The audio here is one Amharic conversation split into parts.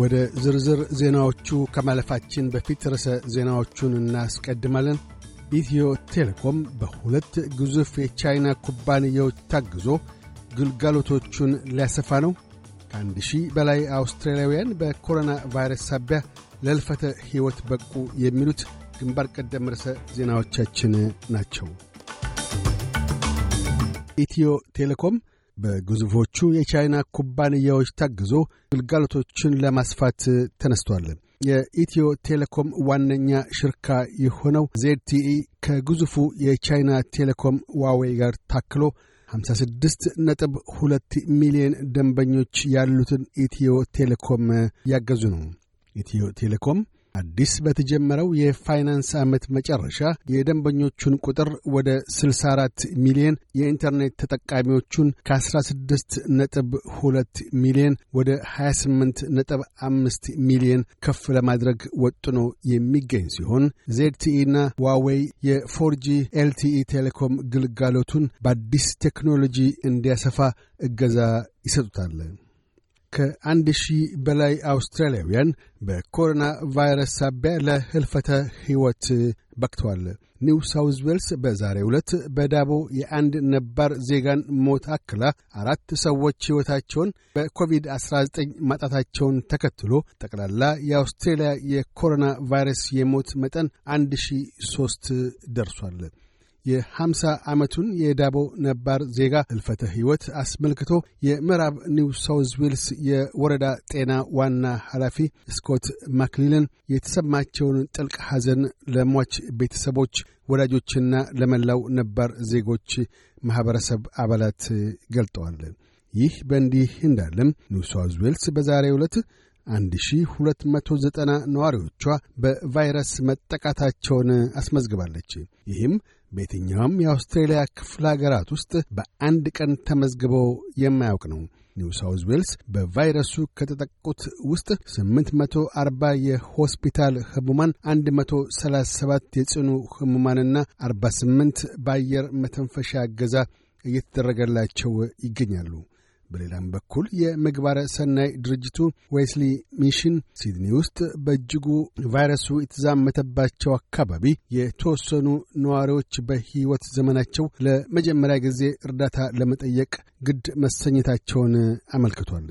ወደ ዝርዝር ዜናዎቹ ከማለፋችን በፊት ርዕሰ ዜናዎቹን እናስቀድማለን። ኢትዮ ቴሌኮም በሁለት ግዙፍ የቻይና ኩባንያዎች ታግዞ ግልጋሎቶቹን ሊያሰፋ ነው። ከአንድ ሺህ በላይ አውስትራሊያውያን በኮሮና ቫይረስ ሳቢያ ለልፈተ ሕይወት በቁ። የሚሉት ግንባር ቀደም ርዕሰ ዜናዎቻችን ናቸው። ኢትዮ ቴሌኮም በግዙፎቹ የቻይና ኩባንያዎች ታግዞ ግልጋሎቶችን ለማስፋት ተነስቷል። የኢትዮ ቴሌኮም ዋነኛ ሽርካ የሆነው ዜድቲኢ ከግዙፉ የቻይና ቴሌኮም ዋዌይ ጋር ታክሎ 56 ነጥብ 2 ሚሊዮን ደንበኞች ያሉትን ኢትዮ ቴሌኮም ያገዙ ነው። ኢትዮ ቴሌኮም አዲስ በተጀመረው የፋይናንስ ዓመት መጨረሻ የደንበኞቹን ቁጥር ወደ 64 ሚሊዮን፣ የኢንተርኔት ተጠቃሚዎቹን ከ16 ነጥብ 2 ሚሊዮን ወደ 28 ነጥብ 5 ሚሊዮን ከፍ ለማድረግ ወጥኖ የሚገኝ ሲሆን ዜድቲኢና ዋዌይ የፎርጂ ኤልቲኢ ቴሌኮም ግልጋሎቱን በአዲስ ቴክኖሎጂ እንዲያሰፋ እገዛ ይሰጡታል። ከአንድ ሺህ በላይ አውስትራሊያውያን በኮሮና ቫይረስ ሳቢያ ለህልፈተ ሕይወት በቅተዋል። ኒው ሳውዝ ዌልስ በዛሬ ዕለት በዳቦ የአንድ ነባር ዜጋን ሞት አክላ አራት ሰዎች ሕይወታቸውን በኮቪድ-19 ማጣታቸውን ተከትሎ ጠቅላላ የአውስትሬልያ የኮሮና ቫይረስ የሞት መጠን 1003 ደርሷል። የ50 ዓመቱን የዳቦ ነባር ዜጋ እልፈተ ሕይወት አስመልክቶ የምዕራብ ኒው ሳውዝ ዌልስ የወረዳ ጤና ዋና ኃላፊ ስኮት ማክሊለን የተሰማቸውን ጥልቅ ሐዘን ለሟች ቤተሰቦች፣ ወዳጆችና ለመላው ነባር ዜጎች ማኅበረሰብ አባላት ገልጠዋል። ይህ በእንዲህ እንዳለም ኒው ሳውዝ ዌልስ በዛሬ ዕለት 1290 ነዋሪዎቿ በቫይረስ መጠቃታቸውን አስመዝግባለች። ይህም በየትኛውም የአውስትሬልያ ክፍለ ሀገራት ውስጥ በአንድ ቀን ተመዝግበው የማያውቅ ነው። ኒው ሳውዝ ዌልስ በቫይረሱ ከተጠቁት ውስጥ 840 የሆስፒታል ህሙማን፣ 137 የጽኑ ህሙማንና 48 በአየር መተንፈሻ እገዛ እየተደረገላቸው ይገኛሉ። በሌላም በኩል የምግባረ ሰናይ ድርጅቱ ዌስሊ ሚሽን ሲድኒ ውስጥ በእጅጉ ቫይረሱ የተዛመተባቸው አካባቢ የተወሰኑ ነዋሪዎች በሕይወት ዘመናቸው ለመጀመሪያ ጊዜ እርዳታ ለመጠየቅ ግድ መሰኘታቸውን አመልክቷል።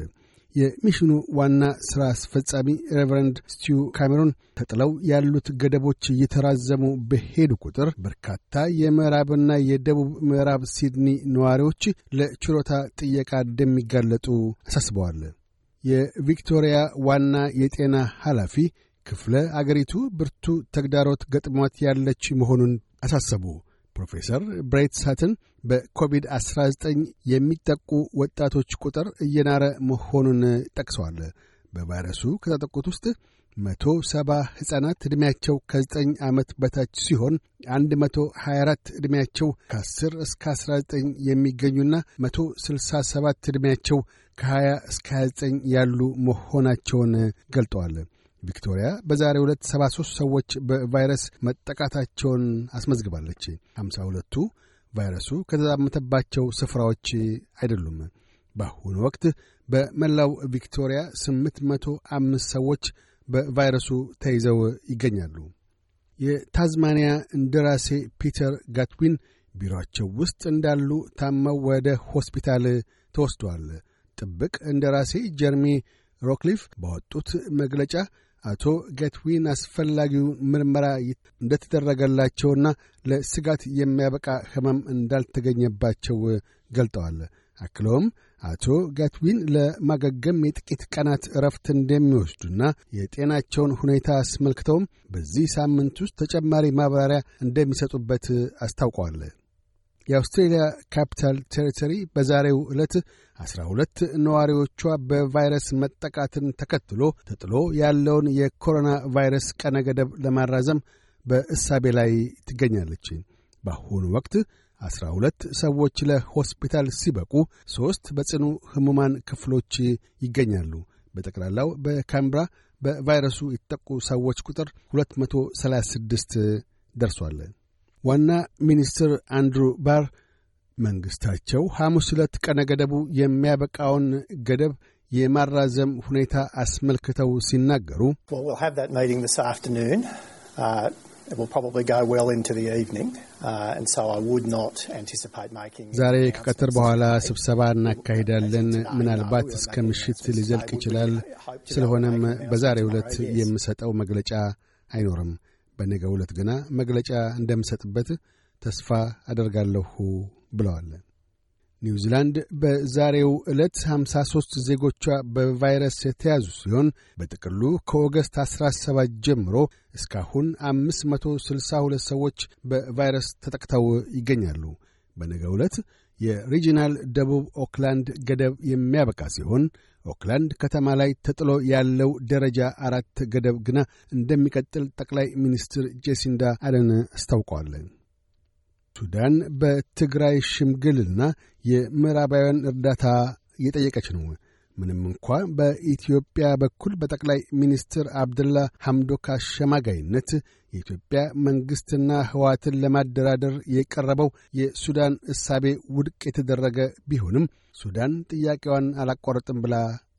የሚሽኑ ዋና ስራ አስፈጻሚ ሬቨረንድ ስቲው ካሜሮን ተጥለው ያሉት ገደቦች እየተራዘሙ በሄዱ ቁጥር በርካታ የምዕራብና የደቡብ ምዕራብ ሲድኒ ነዋሪዎች ለችሮታ ጥየቃ እንደሚጋለጡ አሳስበዋል። የቪክቶሪያ ዋና የጤና ኃላፊ ክፍለ አገሪቱ ብርቱ ተግዳሮት ገጥሟት ያለች መሆኑን አሳሰቡ። ፕሮፌሰር ብሬት ሳትን በኮቪድ-19 የሚጠቁ ወጣቶች ቁጥር እየናረ መሆኑን ጠቅሰዋል። በቫይረሱ ከተጠቁት ውስጥ መቶ ባ ሕፃናት ዕድሜያቸው ከ9 ዓመት በታች ሲሆን 124 ዕድሜያቸው ከ10 እስከ 19 የሚገኙና 167 ዕድሜያቸው ከ20 እስከ 29 ያሉ መሆናቸውን ገልጠዋል። ቪክቶሪያ በዛሬ ሁለት 73 ሰዎች በቫይረስ መጠቃታቸውን አስመዝግባለች። 52ቱ ቫይረሱ ከተዛመተባቸው ስፍራዎች አይደሉም። በአሁኑ ወቅት በመላው ቪክቶሪያ 805 ሰዎች በቫይረሱ ተይዘው ይገኛሉ። የታዝማኒያ እንደራሴ ፒተር ጋትዊን ቢሮአቸው ውስጥ እንዳሉ ታመው ወደ ሆስፒታል ተወስደዋል። ጥብቅ እንደራሴ ጀርሚ ሮክሊፍ ባወጡት መግለጫ አቶ ጌትዊን አስፈላጊው ምርመራ እንደተደረገላቸውና ለስጋት የሚያበቃ ህመም እንዳልተገኘባቸው ገልጠዋል። አክለውም አቶ ጋትዊን ለማገገም የጥቂት ቀናት እረፍት እንደሚወስዱና የጤናቸውን ሁኔታ አስመልክተውም በዚህ ሳምንት ውስጥ ተጨማሪ ማብራሪያ እንደሚሰጡበት አስታውቀዋል። የአውስትሬልያ ካፒታል ቴሪቶሪ በዛሬው ዕለት ሁለት ነዋሪዎቿ በቫይረስ መጠቃትን ተከትሎ ተጥሎ ያለውን የኮሮና ቫይረስ ቀነ ገደብ ለማራዘም በእሳቤ ላይ ትገኛለች። በአሁኑ ወቅት ሁለት ሰዎች ለሆስፒታል ሲበቁ ሦስት በጽኑ ሕሙማን ክፍሎች ይገኛሉ። በጠቅላላው በካምብራ በቫይረሱ የተጠቁ ሰዎች ቁጥር 236 ደርሷል። ዋና ሚኒስትር አንድሩ ባር መንግሥታቸው ሐሙስ ዕለት ቀነ ገደቡ የሚያበቃውን ገደብ የማራዘም ሁኔታ አስመልክተው ሲናገሩ uh, uh, ዛሬ ከቀትር በኋላ ስብሰባ እናካሂዳለን። ምናልባት እስከ ምሽት ሊዘልቅ ይችላል። ስለሆነም በዛሬ ዕለት የምሰጠው መግለጫ አይኖርም። በነገ ዕለት ገና መግለጫ እንደምሰጥበት ተስፋ አደርጋለሁ ብለዋል። ኒውዚላንድ በዛሬው ዕለት 53 ዜጎቿ በቫይረስ የተያዙ ሲሆን በጥቅሉ ከኦገስት 17 ጀምሮ እስካሁን 562 ሰዎች በቫይረስ ተጠቅተው ይገኛሉ። በነገ ዕለት የሪጂናል ደቡብ ኦክላንድ ገደብ የሚያበቃ ሲሆን ኦክላንድ ከተማ ላይ ተጥሎ ያለው ደረጃ አራት ገደብ ግና እንደሚቀጥል ጠቅላይ ሚኒስትር ጄሲንዳ አደን አስታውቀዋል። ሱዳን በትግራይ ሽምግልና የምዕራባውያን እርዳታ እየጠየቀች ነው። ምንም እንኳ በኢትዮጵያ በኩል በጠቅላይ ሚኒስትር አብድላ ሐምዶክ አሸማጋይነት የኢትዮጵያ መንግሥትና ሕወሓትን ለማደራደር የቀረበው የሱዳን እሳቤ ውድቅ የተደረገ ቢሆንም ሱዳን ጥያቄዋን አላቋረጥም ብላ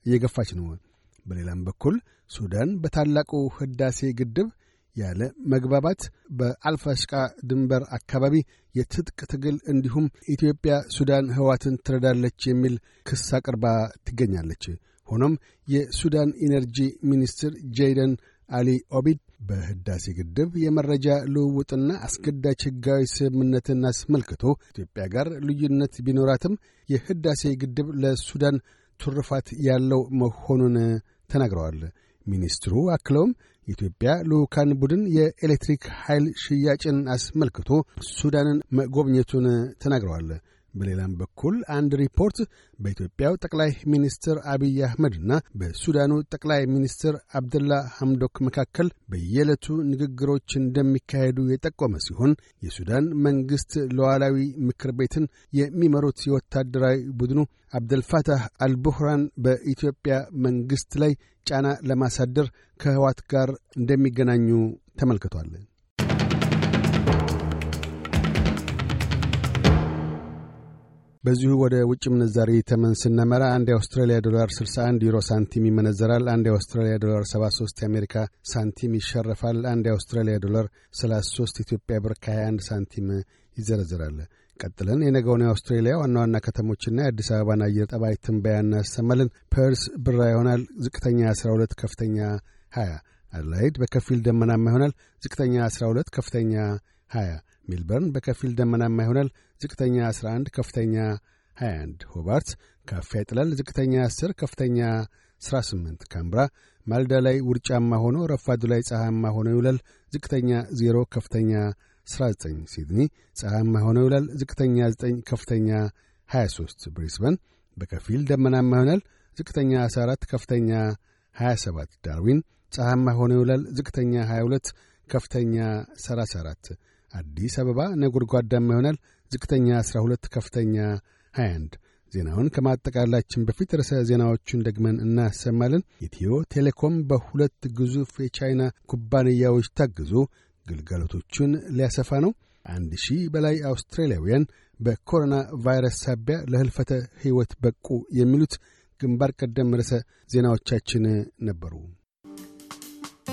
እየገፋች ነው። በሌላም በኩል ሱዳን በታላቁ ሕዳሴ ግድብ ያለ መግባባት በአልፋሽቃ ድንበር አካባቢ የትጥቅ ትግል እንዲሁም ኢትዮጵያ ሱዳን ህዋትን ትረዳለች የሚል ክስ አቅርባ ትገኛለች። ሆኖም የሱዳን ኢነርጂ ሚኒስትር ጄይደን አሊ ኦቢድ በህዳሴ ግድብ የመረጃ ልውውጥና አስገዳጅ ህጋዊ ስምምነትን አስመልክቶ ኢትዮጵያ ጋር ልዩነት ቢኖራትም የህዳሴ ግድብ ለሱዳን ትሩፋት ያለው መሆኑን ተናግረዋል። ሚኒስትሩ አክለውም የኢትዮጵያ ልዑካን ቡድን የኤሌክትሪክ ኃይል ሽያጭን አስመልክቶ ሱዳንን መጎብኘቱን ተናግረዋል። በሌላም በኩል አንድ ሪፖርት በኢትዮጵያው ጠቅላይ ሚኒስትር አብይ አህመድና በሱዳኑ ጠቅላይ ሚኒስትር አብደላ ሐምዶክ መካከል በየዕለቱ ንግግሮች እንደሚካሄዱ የጠቆመ ሲሆን የሱዳን መንግሥት ሉዓላዊ ምክር ቤትን የሚመሩት የወታደራዊ ቡድኑ አብደልፋታህ አልቡህራን በኢትዮጵያ መንግሥት ላይ ጫና ለማሳደር ከህዋት ጋር እንደሚገናኙ ተመልክቷል። በዚሁ ወደ ውጭ ምንዛሪ ተመን ስነመራ አንድ የአውስትራሊያ ዶላር 61 ዩሮ ሳንቲም ይመነዘራል። አንድ የአውስትራሊያ ዶላር 73 የአሜሪካ ሳንቲም ይሸረፋል። አንድ የአውስትራሊያ ዶላር 33 ኢትዮጵያ ብር ከ21 ሳንቲም ይዘረዝራል። ቀጥለን የነገውን የአውስትሬሊያ ዋና ዋና ከተሞችና የአዲስ አበባን አየር ጠባይ ትንበያ እናሰማለን። ፐርስ ብራ ይሆናል። ዝቅተኛ 12፣ ከፍተኛ 20። አድላይድ በከፊል ደመናማ ይሆናል። ዝቅተኛ 12፣ ከፍተኛ 20። ሜልበርን በከፊል ደመናማ ይሆናል። ዝቅተኛ 11 ከፍተኛ 21 ሆባርት ከፍ ይጥላል። ዝቅተኛ 10 ከፍተኛ 18 ካምብራ ማልዳ ላይ ውርጫማ ሆኖ ረፋዱ ላይ ፀሐማ ሆኖ ይውላል። ዝቅተኛ 0 ከፍተኛ 19 ሲድኒ ፀሐማ ሆኖ ይውላል። ዝቅተኛ 9 ከፍተኛ 23 ብሪስበን በከፊል ደመናማ ይሆናል። ዝቅተኛ 14 ከፍተኛ 27 ዳርዊን ፀሐማ ሆኖ ይውላል። ዝቅተኛ 22 ከፍተኛ 34 አዲስ አበባ ነጎድጓዳማ ይሆናል። ዝቅተኛ 12 ከፍተኛ 21 ዜናውን ከማጠቃላችን በፊት ርዕሰ ዜናዎቹን ደግመን እናሰማለን። ኢትዮ ቴሌኮም በሁለት ግዙፍ የቻይና ኩባንያዎች ታግዞ ግልጋሎቶቹን ሊያሰፋ ነው። አንድ ሺህ በላይ አውስትራሊያውያን በኮሮና ቫይረስ ሳቢያ ለህልፈተ ሕይወት በቁ። የሚሉት ግንባር ቀደም ርዕሰ ዜናዎቻችን ነበሩ።